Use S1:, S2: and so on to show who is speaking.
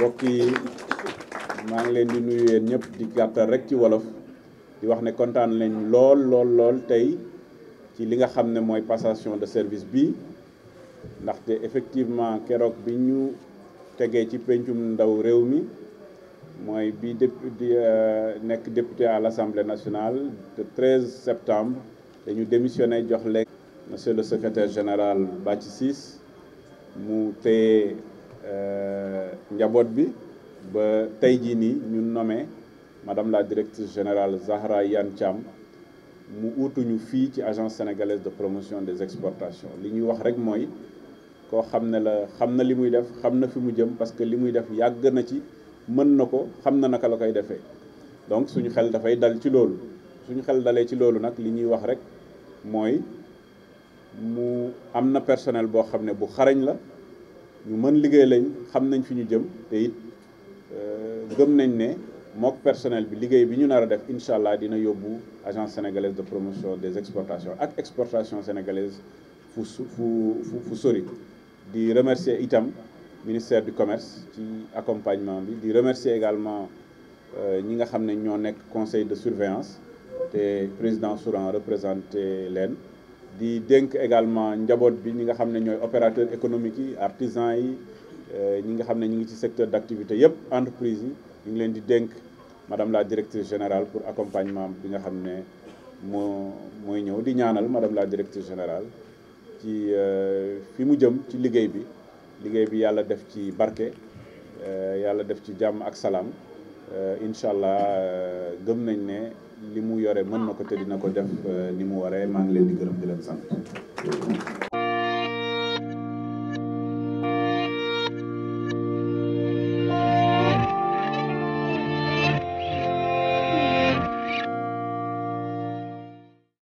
S1: mbokk yi ngi leen di nuyu yéen ñëpp di gàttal rek ci wolof di wax ne kontaan nañ lool lool lool tey ci li nga xam ne mooy passation de service bi ndaxte effectivement keroog bi ñu tegee ci pencum ndaw réew mi mooy bi dép di euh, nekk député à l'Assemblée nationale le 13 septembre dañu démissionné jox leen monsieur le secrétaire général Bathie Ciss mu téye Euh, njaboot bi ba tey jii nii ñu nommé madame la directrice générale Zahra Iyane Thiam mu uutuñu fii ci agence sénégalaise de promotion des exportations li ñuy wax rek mooy koo xam ne la xam na li muy def xam na fi mu jëm parce que li muy def yàgg na ci mën na ko xam na naka la koy defee donc suñu xel dafay dal ci loolu suñu xel dalee ci loolu nag li ñuy wax rek mooy mu am na personnel boo xam ne bu xarañ la ñu mën liggéey lañ xam nañ fi ñu jëm te it euh, gëm nañ ne mook personnel bi liggéey bi ñu nar a def incha allah dina yóbbu agence sénégalaise de promotion des exportations ak exportation sénégalaise fu su fu sori di remercier itam ministère du commerce ci accompagnement bi di remercier également euh, ñi nga xam ne ñoo nekk conseil de surveillance te président Souran représenté leen di dénk également njaboot bi ñi nga xam ne ñooy opérateur économique yi artisans yi euh, ñi nga xam ne ñu ngi ci secteur d'activité yépp entreprise yi ñu ngi leen di dénk madame la directrice générale pour accompagnement bi nga xam ne moo mooy ñëw di ñaanal madame la directrice général ci euh, fi mu jëm ci liggéey bi liggéey bi yàlla def ci barke euh, yàlla def ci jàmm ak salaam Euh, incha allah euh, gëm nañ ne li mu yore mën na ko te dina ko def euh, ni mu waree maa ngi leen di gërëm di leen sant.